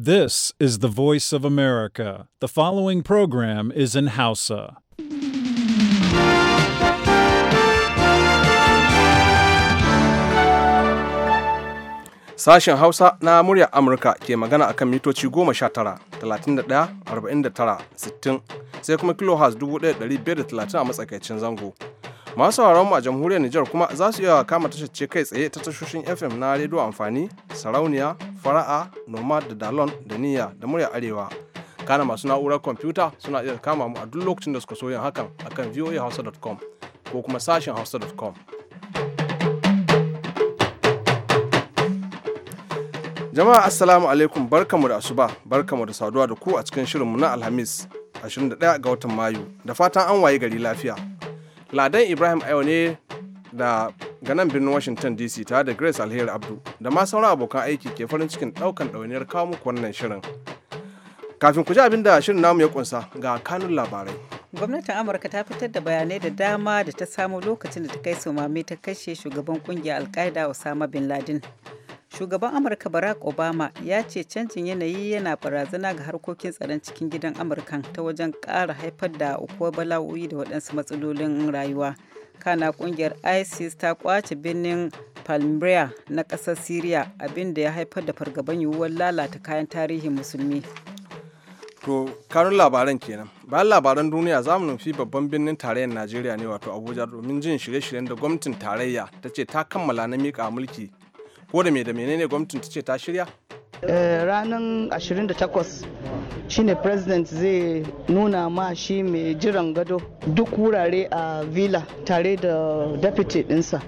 This is the voice of America. The following program is in Hausa. Sashen Hausa na muryar Amurka ke magana akan mitoci goma 31, tara 60 sai kuma da 1530 a matsakaicin zango. masu mu a jamhuriyar Nijar kuma za su iya kama tashar kai tsaye ta tashoshin FM na rediyo amfani, sarauniya, fara'a, nomad da dalon da niyya da murya arewa. Kana masu na'urar kwamfuta suna iya kama mu a duk lokacin da suka so yin hakan akan voahausa.com ko kuma sashen hausa.com. Jama'a assalamu alaikum barkamu da asuba barkamu da saduwa da ku a cikin shirinmu na Alhamis 21 ga watan Mayu da fatan an waye gari lafiya. Ladan Ibrahim Ayo ne da ganan birnin Washington DC tare da Grace Alheri Abdu da ma sauran abokan aiki ke farin cikin ɗaukan dauniyar kawo muku wannan shirin. Kafin ku ji abin da shirin namu ya kunsa ga kanun labarai. Gwamnatin Amurka ta fitar da bayanai da dama da ta samu lokacin da ta kai somami ta kashe shugaban kungiyar Al-Qaeda Osama Bin Laden. shugaban amurka barack obama ya ce canjin yanayi yana barazana ga harkokin tsaron cikin gidan amurka ta wajen ƙara haifar da ukuwar bala'o'i da waɗansu matsalolin rayuwa kana ƙungiyar isis ta kwace birnin palmyra na ƙasar syria abinda ya haifar da fargaban yiwuwar lalata kayan tarihin musulmi to karin labaran kenan bayan labaran duniya za mu nufi babban birnin tarayyar najeriya ne wato abuja domin jin shirye-shiryen da gwamnatin tarayya ta ce ta kammala na miƙa mulki ko da me da menene gwamnatin ta ce ta shirya eh, ranar 28 shine president zai nuna ma shi mai jiran gado duk wurare a villa tare da deputy dinsa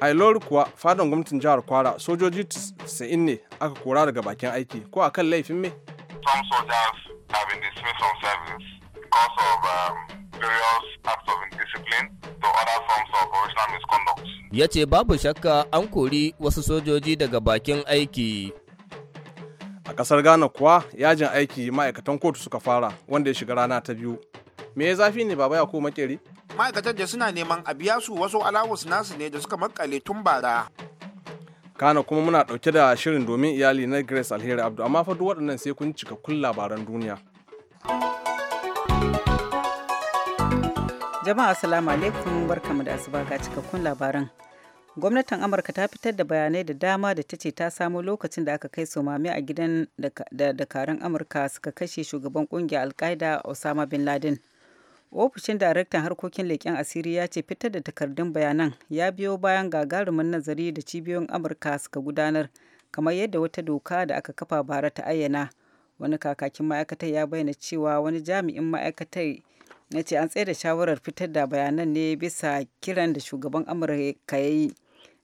a ilori kuwa fadon gwamnatin jihar kwara sojoji 90 ne aka kora daga bakin aiki ko a kan laifin me some soldiers have been dismissed from service because of um, various acts of indiscipline to other forms of operational misconduct. Ya ce babu shakka an kori wasu sojoji daga bakin aiki. A ƙasar Ghana kuwa yajin aiki ma'aikatan kotu suka fara wanda ya shiga rana ta biyu. Me ya zafi ne baba ya ko makeri? Ma'aikatan da suna neman a biya su wasu alawus nasu ne da suka makale tun bara. Kana kuma muna ɗauke da shirin domin iyali na Grace Alheri Abdu amma fa duk waɗannan sai kun cika kun labaran duniya. thank you Jama'a assalamu alaikum barkamu da asuba ga cikakkun labaran. Gwamnatin Amurka ta fitar da bayanai da dama da ta ce ta samo lokacin da aka kai somami a gidan da dakarun Amurka suka kashe shugaban kungiyar alkaida Osama bin Laden. Ofishin daraktan harkokin leƙen asiri ya ce fitar da takardun bayanan ya biyo bayan gagarumin nazari da cibiyoyin Amurka suka gudanar kamar yadda wata doka da aka kafa bara ta ayyana. Wani kakakin ma'aikatar ya bayyana cewa wani jami'in ma'aikatar ya ce an tsaye da shawarar fitar da bayanan ne bisa kiran da shugaban amurka ya yi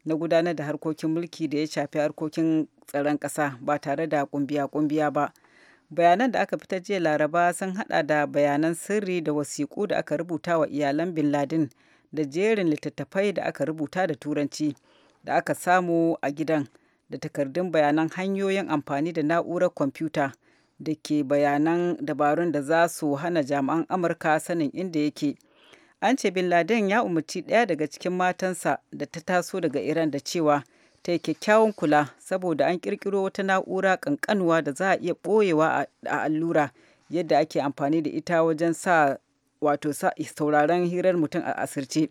na gudanar da harkokin mulki da ya shafi harkokin tsaron ƙasa ba tare da kumbiya-kumbiya ba bayanan da aka fitar jiya laraba sun hada da bayanan sirri da wasiƙu da aka rubuta wa iyalan bin ladin da jerin littattafai da aka rubuta da turanci da aka samu a gidan da takardun bayanan hanyoyin amfani da na'urar kwamfuta da ke bayanan dabarun da za su hana jami'an amurka sanin inda yake an ce bin laden ya umarci ɗaya daga cikin matansa da ta taso daga iran da cewa ta yi kyakkyawan kula saboda an kirkiro wata na'ura kankanuwa da za a iya ɓoyewa a allura yadda ake amfani da ita wajen sa wato sauraron hirar mutum a asirce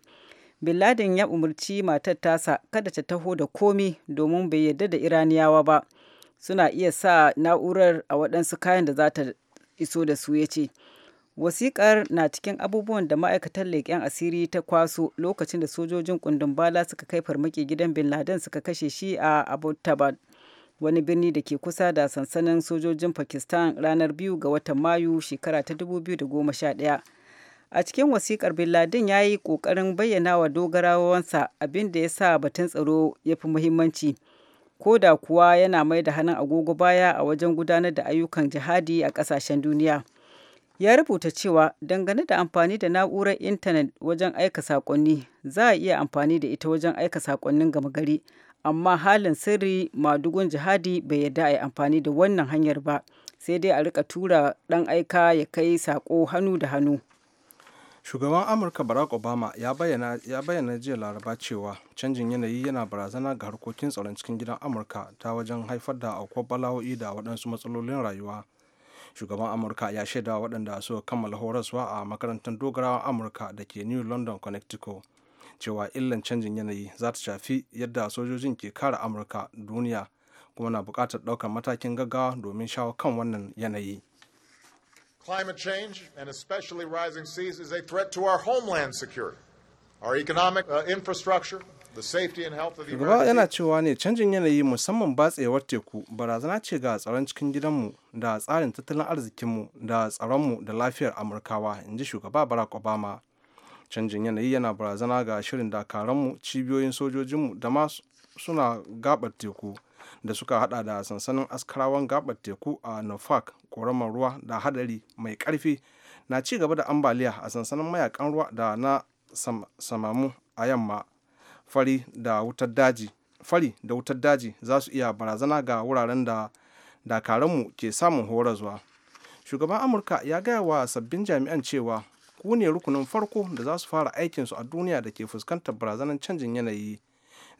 bin laden ya umarci matar tasa kada ta taho da komi domin bai yarda da iraniyawa ba suna iya sa na'urar a waɗansu kayan da za ta iso da su ya ce wasiƙar na cikin abubuwan da ma'aikatar leƙen asiri ta kwaso lokacin da sojojin kundin bala suka kai farmaki gidan bin laden suka kashe shi a abutabad wani birni da ke kusa da sansanin sojojin pakistan ranar biyu ga watan mayu shekara ta 2011 a cikin wasiƙar bin laden ya yi ƙoƙarin bayyana wa dogarawansa abin da ya sa batun tsaro ya fi muhimmanci. ko da kuwa yana mai da hannun agogo baya a wajen gudanar da ayyukan jihadi a kasashen duniya. Ya rubuta cewa dangane da amfani da na'urar intanet wajen aika saƙonni za a iya amfani da ita wajen aika saƙonnin gama gari, amma halin sirri madugun jihadi bai yarda a yi amfani da wannan hanyar ba, sai dai a rika tura ɗan aika ya kai saƙo hannu da hannu. shugaban amurka barack obama ya bayyana jiya laraba cewa canjin yanayi yana barazana ga harkokin tsaron cikin gidan amurka ta wajen haifar da aukuwar bala'o'i da waɗansu matsalolin rayuwa shugaban amurka ya shaida waɗanda suka kammala horaswa a makarantar dogarawa amurka da ke new london connecticut cewa illan canjin yanayi za ta shafi yadda sojojin ke kare amurka duniya kuma na buƙatar ɗaukar matakin gaggawa domin shawo kan wannan yanayi Climate change, and especially rising seas, is a threat to our homeland security, our economic uh, infrastructure, the safety and health of the Shugaba yana cewa ne canjin yanayi musamman batsewar teku barazana ce ga tsaron cikin gidanmu da tsarin tattalin arzikinmu da tsaronmu da lafiyar Amurkawa, in ji shugaba Barack Obama. Canjin yanayi yana barazana ga shirin dakaranmu, cibiyoyin sojojinmu da ma suna gabar teku. da suka hada da sansanin askarawan gabar teku a nufak ƙoramar ruwa da hadari mai ƙarfi na ci gaba da ambaliya a sansanin mayakan ruwa da na samamu a yamma fari da wutar daji fari za su iya barazana ga wuraren da dakaranmu ke samun zuwa. shugaban amurka ya gaya wa sabbin jami'an cewa ku ne rukunin farko da za su fara aikinsu a duniya da ke fuskantar barazanar canjin yanayi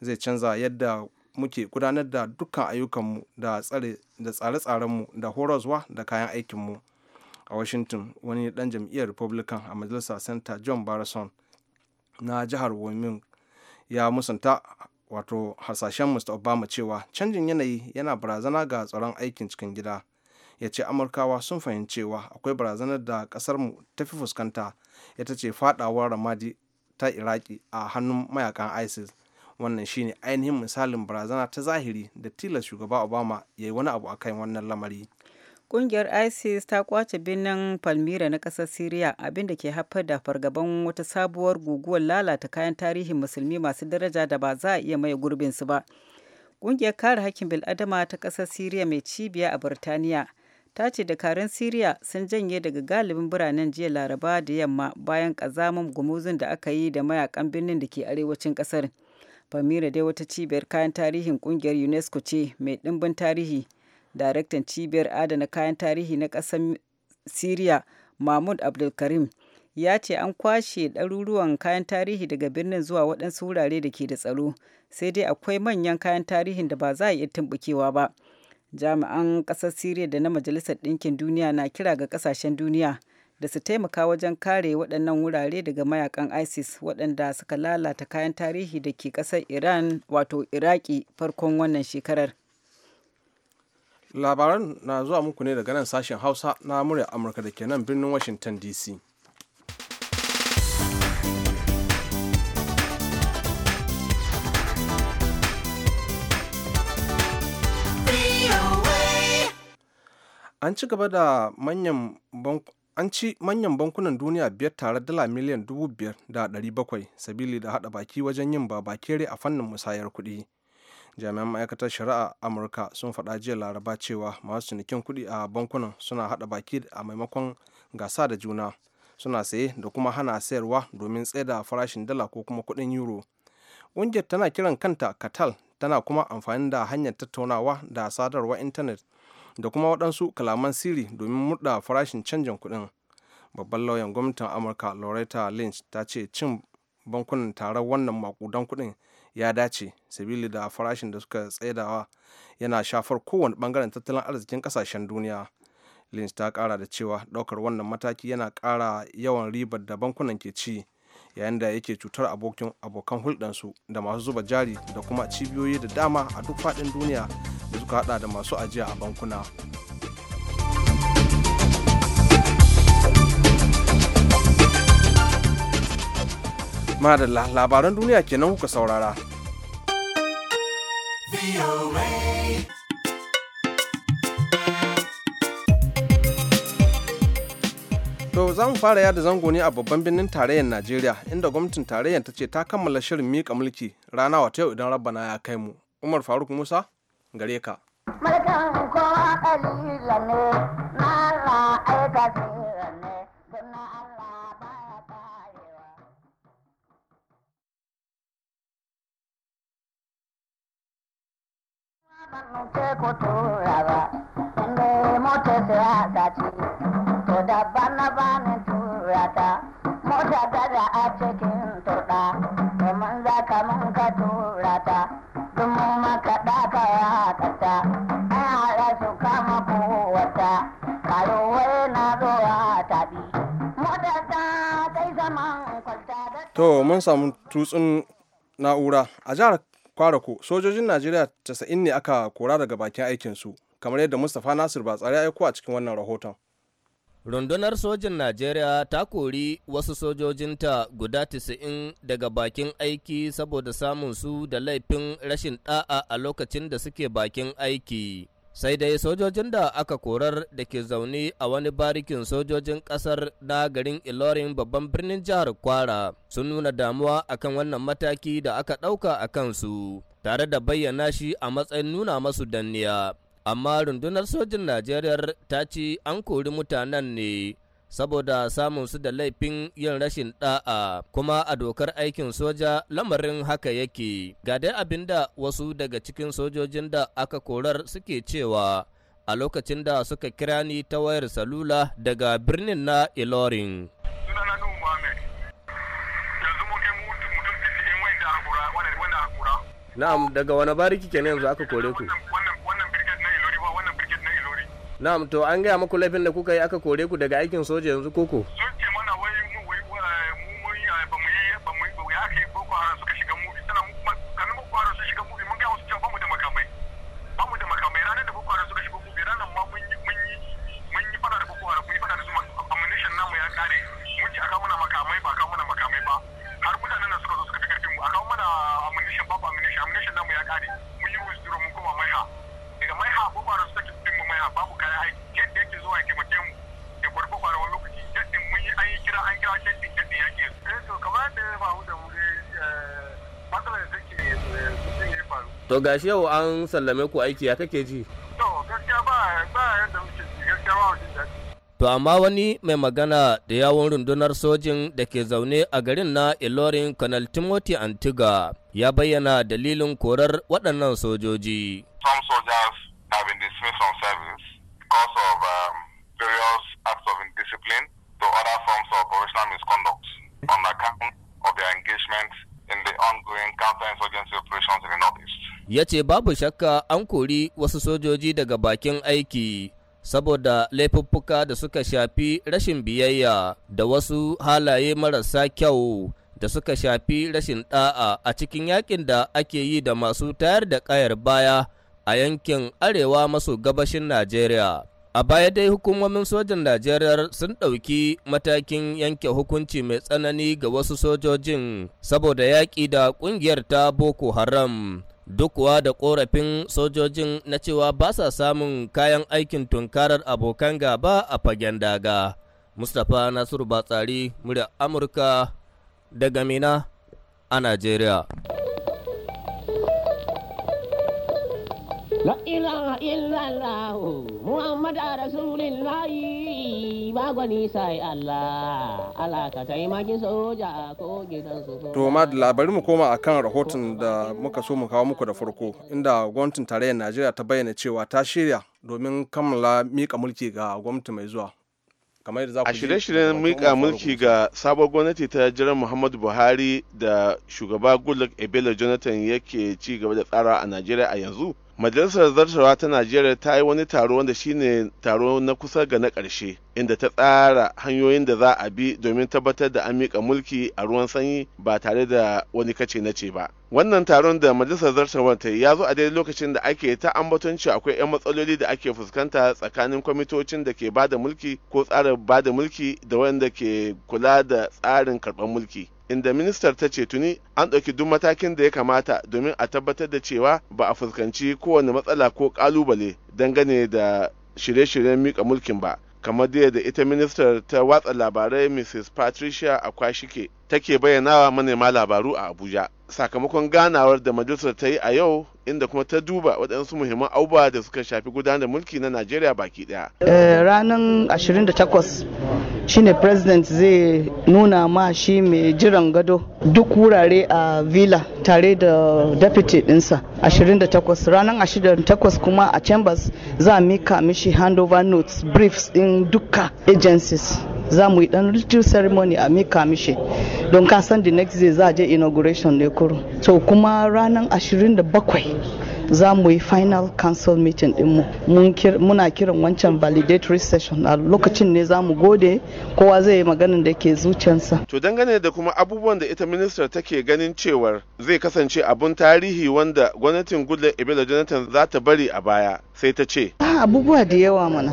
zai canza yadda muke gudanar da dukkan ayyukanmu da tsare-tsarenmu da horozwa da kayan aikinmu a washington wani dan jam'iyyar republican a majalisar center john barrison na jihar wyoming ya musanta wato hasashen mr obama cewa canjin yanayi yana barazana ga tsaron aikin cikin gida ya ce amurkawa sun fahimcewa akwai barazanar da kasarmu ta fi fuskanta ita ce fadawar ramadi ta iraki a hannun mayakan isis wannan shine ainihin misalin barazana ta zahiri da tilas shugaba obama ya yi wani abu a kan wannan lamari kungiyar ISIS ta kwace birnin Palmyra na ƙasar syria abinda ke haifar da fargaban wata sabuwar guguwar lalata kayan tarihin musulmi masu daraja da ba za a iya maye gurbin su ba. kungiyar kare hakkin bil'adama ta ƙasar syria mai cibiya a Burtaniya ta ce dakarun syria sun janye daga galibin biranen jiya Laraba da yamma bayan kazamin gumuzin da aka yi da mayakan birnin da ke arewacin ƙasar. Palmira dai wata cibiyar kayan tarihin kungiyar UNESCO ce mai ɗimbin tarihi. Daraktan cibiyar adana kayan tarihi na ƙasar Siriya, Mahmoud Abdulkarim, ya ce an kwashe ɗaruruwan kayan tarihi daga birnin zuwa waɗansu wurare da ke da tsaro, sai dai akwai manyan kayan tarihin da ba za a iya tumbukewa ba. Jami'an ƙasar Siriya da na Majalisar Ɗinkin Duniya na kira ga ƙasashen duniya da su taimaka wajen kare waɗannan wurare daga mayakan isis waɗanda suka lalata kayan tarihi da ke ƙasar iran wato iraki farkon wannan shekarar labaran na zuwa muku ne daga nan sashen hausa na murya amurka da ke nan birnin washington dc an ci gaba da manyan an ci manyan bankunan duniya biyar tare dala miliyan dubu biyar da ɗari bakwai sabili da haɗa baki wajen yin babakere a fannin musayar kuɗi jami'an ma'aikatar shari'a amurka sun faɗa jiya laraba cewa masu cinikin kuɗi a bankunan suna haɗa baki a maimakon gasa da juna suna saye da kuma hana sayarwa domin tsaida farashin dala ko kuma kuɗin euro ƙungiyar tana kiran kanta katal tana kuma amfani da hanyar tattaunawa da sadarwa intanet da kuma waɗansu kalaman sirri domin murɗa farashin canjin kuɗin babban lauyan gwamnatin amurka loretta lynch ta ce cin bankunan taron wannan makudan kuɗin ya dace sabili da farashin da suka tsaidawa yana shafar kowane bangaren tattalin arzikin kasashen duniya lynch ta kara da cewa ɗaukar wannan mataki yana ƙara yawan ribar da bankunan ke ci yayin da yake cutar abokan hulɗansu da masu zuba jari da kuma cibiyoyi da dama a duk faɗin duniya da suka hada da masu ajiya a bankuna madalla labaran duniya kenan kuka saurara. To za mu fara yada zango ne a babban birnin tarayyar Najeriya inda gwamnatin tarayyar ta ce ta kammala shirin mika mulki rana wata yau idan rabbana ya kai mu. Umar Faruk Musa gare ka. Mulkin kowa ƙalila ne, na ra'aika Allah Ban siyasa to da bana bani turata mota ta da a cikin turɗa domin za ka mun ka turata dumu maka ɗaka ya kata an haɗa su kama kowata karuwai na zuwa tabi mota ta sai zaman kwalta to mun samu tutsun na'ura a jihar kwarako sojojin najeriya 90 ne aka kora daga bakin aikinsu kamar yadda mustapha nasir ba tsare aiko a cikin wannan rahoton rundunar sojin najeriya ta kori wasu sojojinta guda 90 daga bakin aiki saboda samun su da laifin rashin da'a a lokacin da suke bakin aiki sai dai sojojin da aka korar da ke zaune a wani barikin sojojin kasar na garin ilorin babban birnin jihar kwara sun nuna damuwa akan wannan mataki da aka ɗauka a kansu tare da bayyana shi a matsayin nuna masu danniya amma rundunar sojin najeriya ta ce an kori mutanen ne saboda samun su da laifin yin rashin da'a kuma a dokar aikin soja lamarin haka yake ga dai da wasu daga cikin sojojin da aka korar suke cewa a lokacin da suka kira ni ta wayar salula daga birnin na ilorin na'am daga wani bariki kenan yanzu aka kore ku na'am to an gaya muku laifin da kuka yi aka kore ku daga aikin soja yanzu koko to gashi yau an sallame ku aiki ya kake ji to gaskiya ba ba yadda muke ji gaskiya ba muke ji To amma wani mai magana da yawon rundunar sojin da ke zaune a garin na Ilorin Kanal Timothy Antiga ya bayyana dalilin korar waɗannan sojoji. Some soldiers have been dismissed from service because of um, various acts of indiscipline to other forms of operational misconduct on account of their engagement in the ongoing counter-insurgency operations in the northeast. Ya ce babu shakka an kori wasu sojoji daga bakin aiki saboda laifuffuka da suka shafi rashin biyayya da wasu halaye marasa kyau da suka shafi rashin ɗa'a a cikin yakin da ake yi da masu tayar da kayar baya a yankin arewa maso gabashin Najeriya. A baya dai hukumomin sojan Najeriya sun ɗauki matakin yanke hukunci mai tsanani ga wasu sojojin saboda yaƙi da ƙungiyar ta Boko Haram. dukwa kuwa da ƙorafin sojojin na cewa ba sa samun kayan aikin tunkarar abokan gaba a fagen daga. Mustapha Nasiru Batsari, murya Amurka daga Mina a Najeriya. La ilaha illallah Muhammad a Rasulillahi ba Allah Allah ka soja ko gidan su. To Madala bari mu koma akan rahoton da muka so mu kawo muku da farko inda gwamnatin tarayyar Najeriya ta bayyana cewa ta shirya domin kammala mika mulki ga gwamnati mai zuwa a shirye-shiryen mika mulki ga sabon gwamnati ta jiran muhammadu buhari da shugaba goodluck ebele jonathan yake ci gaba da tsara a najeriya a yanzu majalisar zartarwa ta najeriya ta yi wani taro wanda shine taro na kusa ga na karshe, inda ta tsara hanyoyin da za a bi domin tabbatar da an mika mulki a ruwan sanyi ba tare da wani kace na ce ba wannan taron da majalisar zartarwa ta yi ya zo a daidai lokacin da ake ta ambatonci akwai 'yan matsaloli da ake fuskanta tsakanin kwamitocin da ke bada mulki ko tsara bada mulki da wanda ke kula da tsarin karɓar mulki inda ministar ta ce tuni an ɗauki duk matakin da ya kamata domin a tabbatar da cewa ba a fuskanci kowane matsala ko ƙalubale dangane da shirye-shiryen miƙa mulkin ba kamar da yadda ita ministar ta watsa labarai mrs patricia akwashike take bayyanawa manema labaru a abuja sakamakon ganawar da majalisar ta yi a yau inda kuma ta duba waɗansu muhimman abubuwa da suka shafi gudanar mulki na najeriya baki ɗaya eh, ranar 28 shine president zai nuna ma shi mai jiran gado duk wurare a villa tare da deputy dinsa 28 ranar 28 kuma a chambers za a mika mishi handover notes briefs in duka agencies za mu yi dan ritual ceremony a mika mishi don ka kasan the next day za a je inauguration ne kuro so kuma ranar 27 za mu yi final council meeting dinmu muna kiran wancan validatory session a lokacin ne za mu gode kowa zai yi maganin da ke zuciyarsa to dangane da kuma abubuwan da ita ministar take ganin cewar zai kasance abun tarihi wanda gwamnatin goodluck ibila jonathan za ta bari a baya sai ta ce ah, abubuwa da yawa mana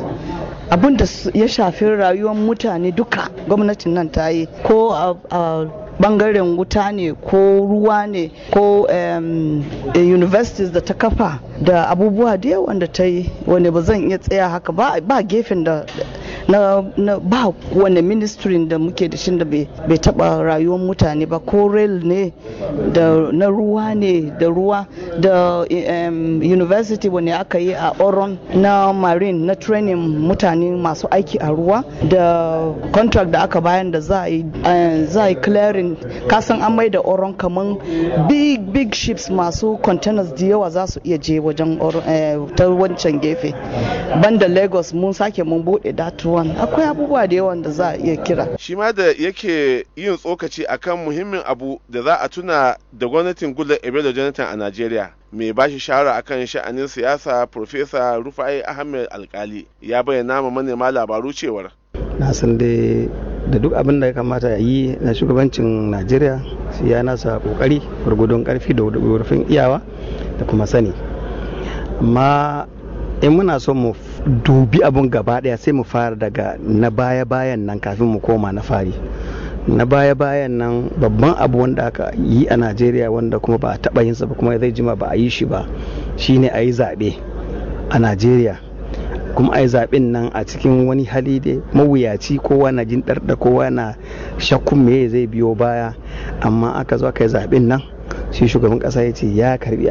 abun da ya shafi rayuwar mutane duka gwamnatin nan ta yi ko a bangaren wuta ne ko ruwa ne ko eh, universities da ta kafa da abubuwa da yawan da ta yi wanda ba zan iya tsaya haka ba gefen da na, na ba wani ministry da muke da shi da bai taba rayuwar mutane ba ko rail ne da na ruwa ne da ruwa da um, university wani aka yi a oron na marine na training mutane masu aiki a ruwa da contract da aka bayan da za a yi eh, clearing kasan an mai da oron kamar big big ships masu containers da yawa za su iya je wajen eh, ta wancan gefe banda lagos mun sake mun bude data Tuwan akwai abubuwa da yawan da za a iya kira shi ma da yake yin tsokaci akan muhimmin abu da za a tuna da gwamnatin gula ebelo jonathan a najeriya mai bashi shawara akan sha'anin siyasa profesa rufai ahmed alkali ya bayyana ma manema labaru cewar na san dai da duk abin da ya kamata a yi na shugabancin najeriya su ya nasa kokari gwargwadon karfi da wurfin iyawa da kuma sani amma in muna so mu dubi abun gaba daya sai mu fara daga na baya-bayan nan kafin mu koma na fari na baya-bayan nan babban abu wanda aka yi a najeriya wanda kuma ba a taba yinsa ba kuma zai jima ba a yi shi ba shine a yi zaɓe a najeriya kuma a yi zaɓen nan a cikin wani hali da mawuyaci kowa na jin ɗarɗa kowa na shakkun me zai biyo baya amma aka zo aka yi zaɓen nan shi shugaban ƙasa ya ce ya karbi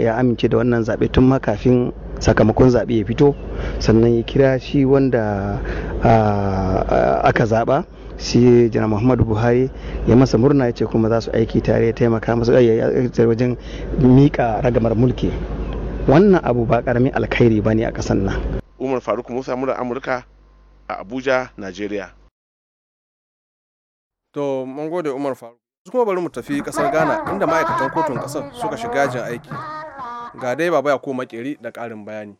ya amince da wannan zaɓe tun ma kafin sakamakon zaɓe ya fito sannan ya kira shi wanda aka zaɓa shi jana muhammadu buhari ya masa murna ya ce kuma za su aiki tare ya taimaka masa wajen miƙa ragamar mulki wannan abu ba ƙaramin alkhairi ba ne a ƙasar nan umar faruk musa mura amurka a abuja nigeria to mun gode umar faruk kuma bari mu tafi ƙasar ghana inda ma'aikatan kotun ƙasar suka shiga jin aiki Ga dai Baba ko Makeri da ƙarin bayani.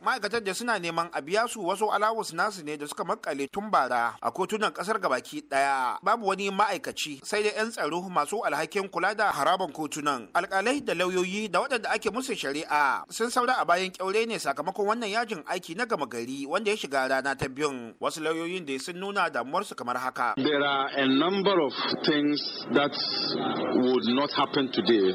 ma'aikatan da suna neman a biya su wasu alawus nasu ne da suka makale tun bara a kotunan kasar gabaki daya babu wani ma'aikaci sai da 'yan tsaro masu alhakin kula da haraban kotunan alkalai da lauyoyi da waɗanda ake musu shari'a sun saura a bayan kyaure ne sakamakon wannan yajin aiki na gama gari wanda ya shiga rana ta biyun wasu lauyoyin da sun nuna damuwarsu kamar haka there are a number of things that would not happen today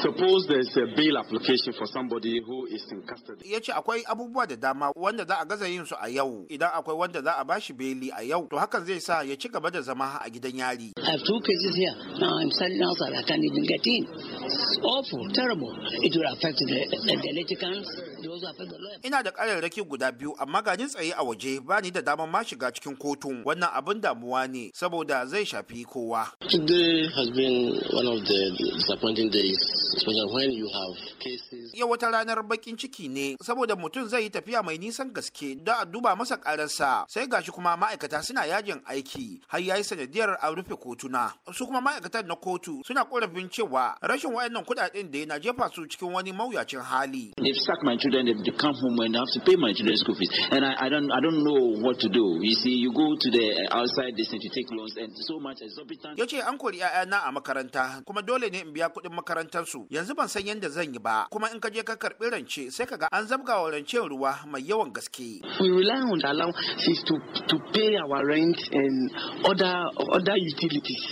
suppose there is a bail application for somebody who is in custody yace akwai abubuwa da dama wanda za a gaza yin su a yau idan akwai wanda za a bashi beli a yau to hakan zai sa ya ci gaba da zama a gidan yari. I have two cases Ina da ƙararraki guda biyu amma ganin tsaye a waje ba ni da damar ma shiga cikin kotun wannan abin damuwa ne saboda zai shafi kowa. Yau wata ranar bakin ciki ne saboda mutum shirin zai yi tafiya mai nisan gaske don a duba masa ƙararsa sai gashi kuma ma'aikata suna yajin aiki har ya yi sanadiyar a rufe kotuna su kuma ma'aikatan na kotu suna korafin cewa rashin wayannan kuɗaɗen da na jefa su cikin wani mawuyacin hali. my children, go to the uh, outside Yace an kori 'ya'yana a makaranta kuma dole ne in biya kuɗin makarantarsu yanzu ban san yadda zan yi ba kuma in ka je ka karɓi rance sai ka ga an zabga rance shan ruwa mai yawan gaske. We rely on the allowances to, to pay our rent and other, other utilities.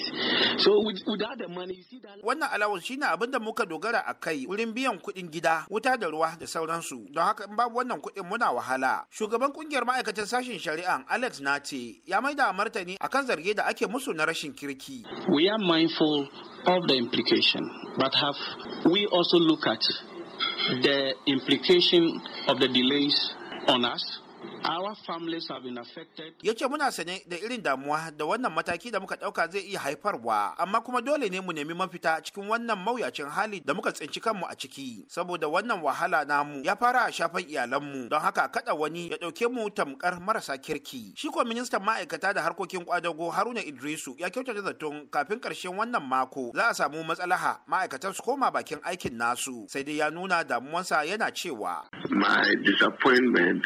So without the money, you see that... Wannan allowance shine abin da muka dogara a kai wurin biyan kuɗin gida, wuta da ruwa da sauransu. Don haka in babu wannan kuɗin muna wahala. Shugaban kungiyar ma'aikatan sashen shari'a Alex Nace ya maida martani akan zarge da ake musu na rashin kirki. We are mindful of the implication, but have we also look at the implication of the delays on us Ya ce muna sane da irin damuwa da wannan mataki da muka dauka zai iya haifarwa, amma kuma dole ne mu nemi mafita cikin wannan mawuyacin hali da muka tsinci kanmu a ciki, saboda wannan wahala namu ya fara a shafan iyalanmu don haka kada wani ya ɗauke mu tamkar marasa kirki. Shi ko ministan ma'aikata da harkokin kwadago Haruna Idrisu ya kyautata zaton kafin karshen wannan mako za a samu matsalaha ma'aikatan su koma bakin aikin nasu, sai dai ya nuna damuwansa yana cewa. My disappointment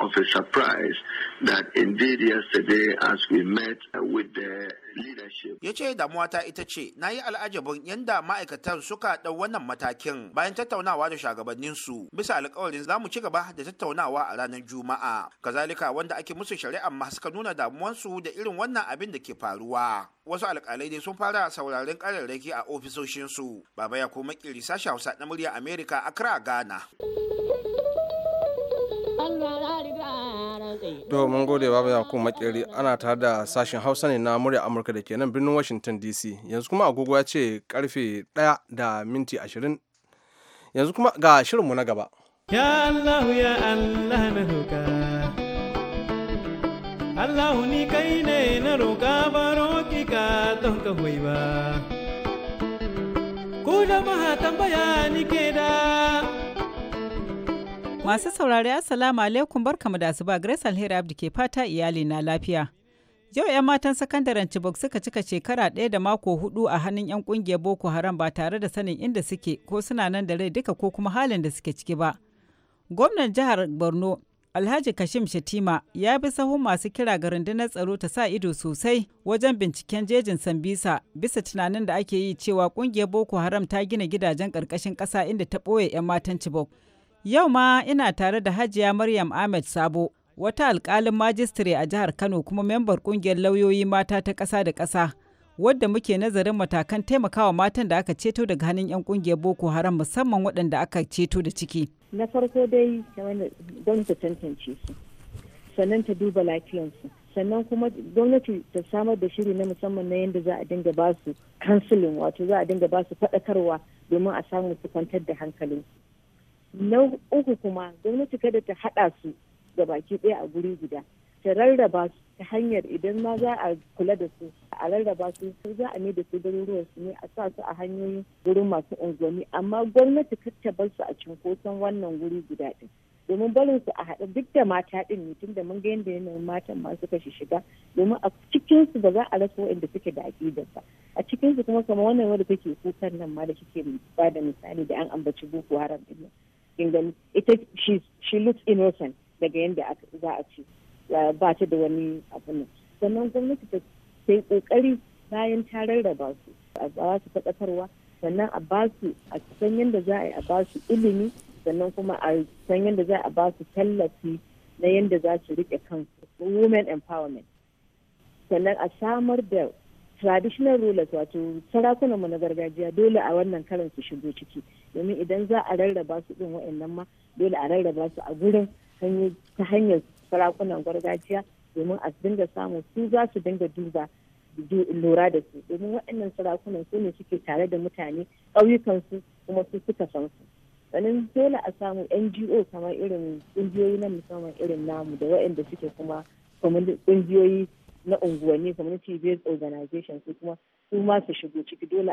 of a surprise that indeed yesterday as we met with the leadership. Ya ce damuwata ita ce, na yi al'ajabin yadda ma'aikatan suka ɗau wannan matakin bayan tattaunawa da su bisa alkawarin za mu ci gaba da tattaunawa a ranar Juma'a. Kazalika wanda ake musu shari'a ma suka nuna damuwansu da irin wannan abin da ke faruwa. Wasu alkalai dai sun fara sauraren kararraki a ofisoshinsu. Baba ya kuma kiri sashen Hausa na murya Amerika a Ghana. To mun gode ba ya ku makeri ana tare da sashen Hausa ne na murya Amurka da ke nan birnin Washington DC. Yanzu kuma agogo ya ce karfe 1 da minti 20. Yanzu kuma ga shirinmu na gaba. Ya Allah ya Allah na roka. Allah ni kai ne na roka ba roki ka don ka hoyi ba. Ku jama'a tambaya ni ke da Masu saurari Assalamu alaikum barkamu da asuba Grace Alheri Abdi ke fata iyali na lafiya. Yau 'yan matan sakandaren Chibok suka cika shekara ɗaya da mako hudu a hannun 'yan kungiyar Boko Haram ba tare da sanin inda suke ko suna nan da rai duka ko kuma halin da suke ciki ba. Gwamnan jihar Borno Alhaji Kashim Shatima ya bi sahun masu kira ga rundunar tsaro ta sa ido sosai wajen binciken jejin Sambisa bisa tunanin da ake yi cewa kungiyar Boko Haram ta gina gidajen karkashin ƙasa inda ta ɓoye 'yan matan Chibok. Yau ma ina tare da Hajiya Maryam Ahmed Sabo, wata alkalin majistare a jihar Kano kuma membar ƙungiyar lauyoyi mata ta ƙasa da ƙasa, wadda muke nazarin matakan taimakawa matan da aka ceto daga hannun 'yan kungiyar Boko Haram musamman waɗanda aka ceto da ciki. Na farko dai don ta tantance su, sannan ta duba lafiyansu, sannan kuma gwamnati ta samar da shiri na musamman na yadda za a dinga ba su kansulin wato za a dinga ba su faɗakarwa domin a samu su kwantar da hankali. na uku kuma gwamnati kada ta haɗa su ga baki ɗaya a guri guda ta rarraba su ta hanyar idan ma za a kula da su a rarraba su su za a mai da su garuruwan su ne a sa su a hanyoyin gurin masu unguwanni amma gwamnati kar ta bar su a cinkoson wannan guri guda ɗin domin barin su a haɗa duk da mata ɗin ne tun da mun ga yadda yanayin matan ma suka shi shiga domin a cikin su ba za a rasa waɗanda suke da aƙidar ba a cikin su kuma kamar wannan wanda kake kukan nan ma da kike ba da misali da an ambaci boko haram ɗin kin gani ita she looks innocent daga yadda za a ci ba ta da wani abu nan sannan gwamnati ta yi kokari bayan ta rarraba su a ba su faɗakarwa sannan a ba su a san yadda za a yi a ba su ilimi sannan kuma a san yadda za a ba su tallafi na yadda za su riƙe kansu women empowerment sannan a samar da traditional rulers wato sarakunanmu na gargajiya dole a wannan karin su shigo ciki domin idan za a rarraba su ɗin wa'annan ma dole a rarraba su a gurin ta hanyar sarakunan gargajiya domin a dinga samu su za su dinga duba lura da su domin waɗannan sarakunan su ne suke tare da mutane ƙauyukansu kuma su suka san su sannan dole a samu ngo kamar irin ƙungiyoyi na musamman irin namu da waɗanda suke kuma ƙungiyoyi na unguwanni community based organization su kuma su ma su shigo ciki dole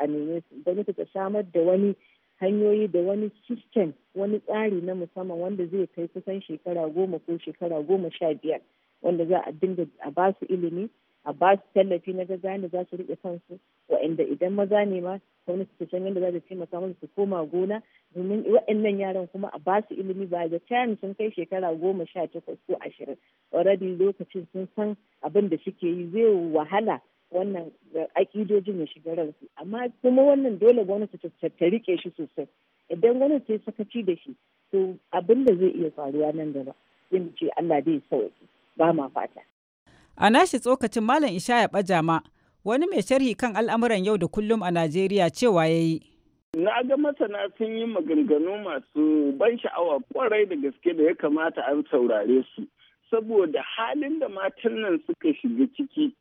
a neme su gwamnati ta samar da wani hanyoyi da wani system wani tsari na musamman wanda zai kai kusan shekara goma ko shekara goma sha biyar wanda za a dinga a ba su ilimi a ba su tallafi na gaza ne za su riƙe kansu wa'anda idan maza ne ma wani su san yadda za su taimaka musu su koma gona domin wa'annan yaran kuma a ba su ilimi ba da can sun kai shekara goma sha takwas ko ashirin already lokacin sun san abin da suke yi zai wahala wannan akidojin ya shiga ransu amma kuma wannan dole gwamnati ta rike shi sosai idan gwamnati ta sakaci da shi to abin da zai iya faruwa nan gaba zai ce Allah dai sauki ba ma fata a nashi tsokacin malam ishaya bajama wani mai sharhi kan al'amuran yau da kullum a Najeriya cewa yayi Na ga masana sun yi maganganu masu ban sha'awa kwarai da gaske da ya kamata an saurare su, saboda halin da matan nan suka shiga ciki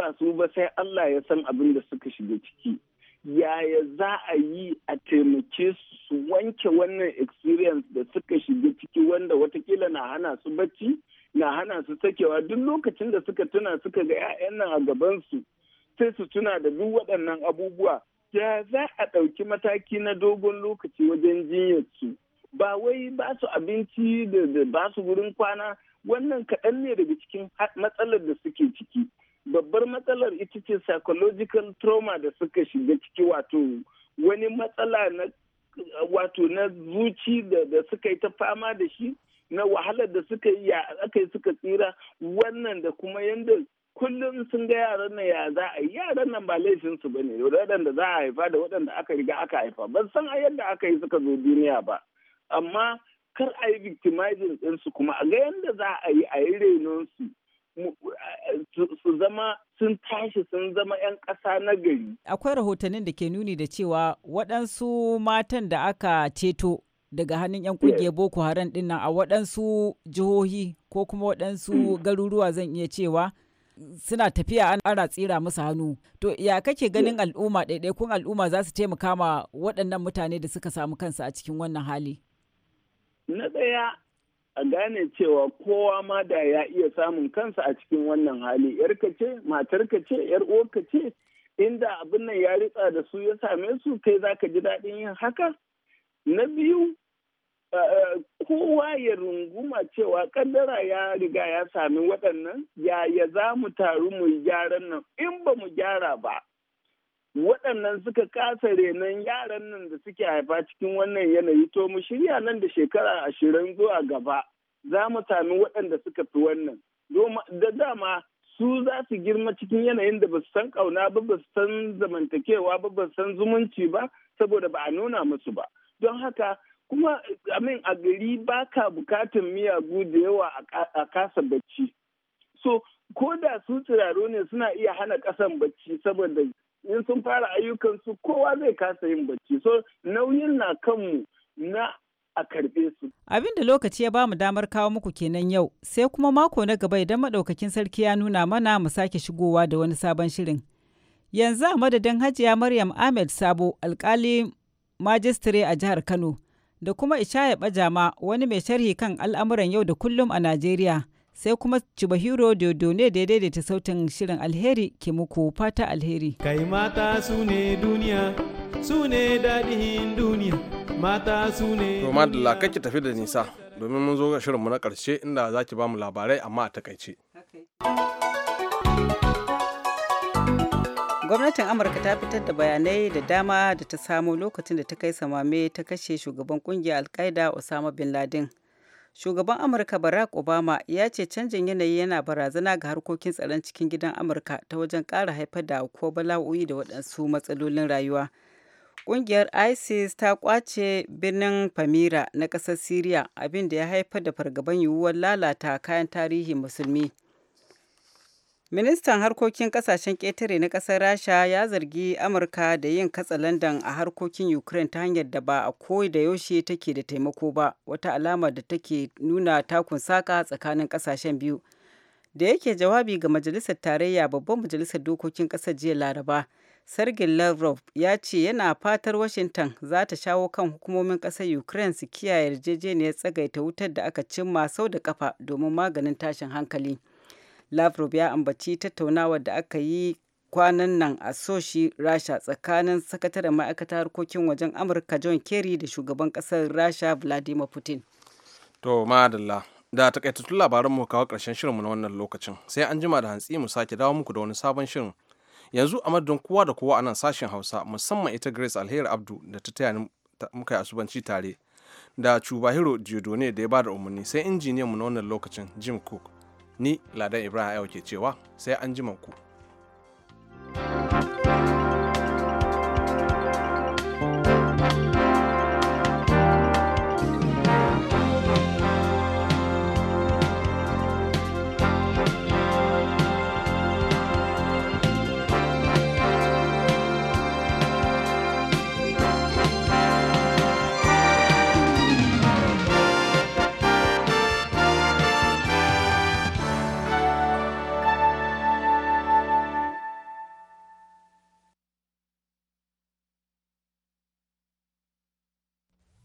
ba su ba sai Allah ya san abin da suka shiga ciki yaya za a yi a taimake su wanke wannan experience da suka shiga ciki wanda watakila na hana su bacci na hana su sakewa duk lokacin da suka tuna suka ga 'ya'yan nan a gabansu sai su tuna da duk waɗannan abubuwa Ya za a ɗauki mataki na dogon lokaci wajen jinyarsu ba wai ba su abinci da ba su wurin kwana wannan kaɗan ne daga cikin matsalar da suke ciki babbar matsalar ita ce psychological trauma da suka shiga ciki wato wani matsala na wato na zuci da suka yi ta fama da shi na wahalar da suka yi aka yi suka tsira wannan da kuma yadda kullum sun ga yaran nan ya za a yi yaran nan ba laifin su bane waɗanda za a haifa da waɗanda aka riga aka haifa ban san a yadda aka yi suka zo duniya ba amma kar a yi victimizing ɗinsu kuma a ga yadda za a yi a yi renon su su zama sun tashi sun zama 'yan ƙasa na gari. Akwai rahotannin da ke nuni da cewa waɗansu matan da aka ceto daga hannun 'yan kungiyar Boko Haram ɗin a waɗansu jihohi ko kuma waɗansu hmm. garuruwa zan iya cewa suna tafiya ana tsira musu hannu. To ya kake ganin al'umma kun al'umma za su taimaka ma waɗannan mutane da suka samu kansu a cikin wannan hali? Na ɗaya a gane cewa kowa ma da ya iya samun kansa a cikin wannan hali yarka ce matarka ce yar uwarka ce inda abin nan ya ritsa da su ya same su kai za ka ji daɗin yin haka na biyu kowa ya runguma cewa kaddara ya riga ya sami waɗannan yaya za mu taru mu gyaran nan in ba mu gyara ba waɗannan suka kasa renon yaran nan da suke haifa cikin wannan yanayi to mu shirya nan da shekara ashirin zuwa gaba za mu sami waɗanda suka fi wannan da dama su za su girma cikin yanayin da ba su san ƙauna ba ba su san zamantakewa ba ba su san zumunci ba saboda ba a nuna musu ba don haka kuma amin a gari ba ka bukatan miyagu da yawa a kasa bacci so ko da su tsiraro ne suna iya hana kasan bacci saboda in sun fara ayyukansu kowa zai kasa yin bacci so nauyin na kanmu na a karbe su. Abin da lokaci ya ba mu damar kawo muku kenan yau sai kuma mako na gaba idan madaukakin sarki ya nuna mana mu sake shigowa da wani sabon shirin. Yanzu a madadin Hajiya Maryam Ahmed Sabo alkali majistare a jihar Kano da kuma Ishaya Bajama wani mai sharhi kan al'amuran yau da kullum a Najeriya. sai kuma Chubahiro Dodone da ya daidaita sautin shirin alheri ke muku fata alheri. Kai mata su ne duniya, su ne daɗin duniya, mata su ne. Roma da lakaki tafi da nisa domin mun zo ga shirinmu na ƙarshe inda za ki ba mu labarai amma a takaice. gwamnatin amurka ta fitar da bayanai da dama da ta samu lokacin da ta kai samame ta kashe shugaban kungiyar alkaida osama bin laden shugaban amurka barack obama ya ce canjin yanayi yana barazana ga harkokin tsaron cikin gidan amurka ta wajen ƙara haifar da ko bala'o'i da waɗansu matsalolin rayuwa ƙungiyar isis ta kwace birnin famira na ƙasar syria abin da ya haifar da fargaban yiwuwar lalata kayan tarihi musulmi Ministan harkokin kasashen ƙetare na ƙasar Rasha ya zargi Amurka da yin katsalandan a harkokin Ukraine ta hanyar da ba a koyi da yaushe take da taimako ba, wata alama da take nuna takun saka tsakanin ƙasashen biyu. Da yake jawabi ga Majalisar Tarayya Babban Majalisar Dokokin Ƙasar jiya Laraba, Sergei Lavrov ya ce yana fatar Washington za ta shawo kan hukumomin ƙasar Ukraine su kiyaye yarjejeniyar tsagaita wutar da aka cimma sau da kafa domin maganin tashin hankali. Lavrov ya ambaci tattaunawar da aka yi kwanan nan a Soshi, Rasha tsakanin sakataren ma'aikatar harkokin wajen Amurka John Kerry da shugaban kasar Rasha Vladimir Putin. To, madalla, da takaitattun labaran mu kawo shirin shirinmu na wannan lokacin, sai an jima da hantsi mu sake dawo muku da wani sabon shirin. Yanzu a madadin kowa da kowa a nan sashen Hausa, musamman ita Grace Alheri Abdu da ta taya muka yi asubanci tare, da Chubahiro Diodone da ya bada umarni, sai injiniyanmu na wannan lokacin Jim Cook. ni ladan ibrahim ke cewa sai an ku.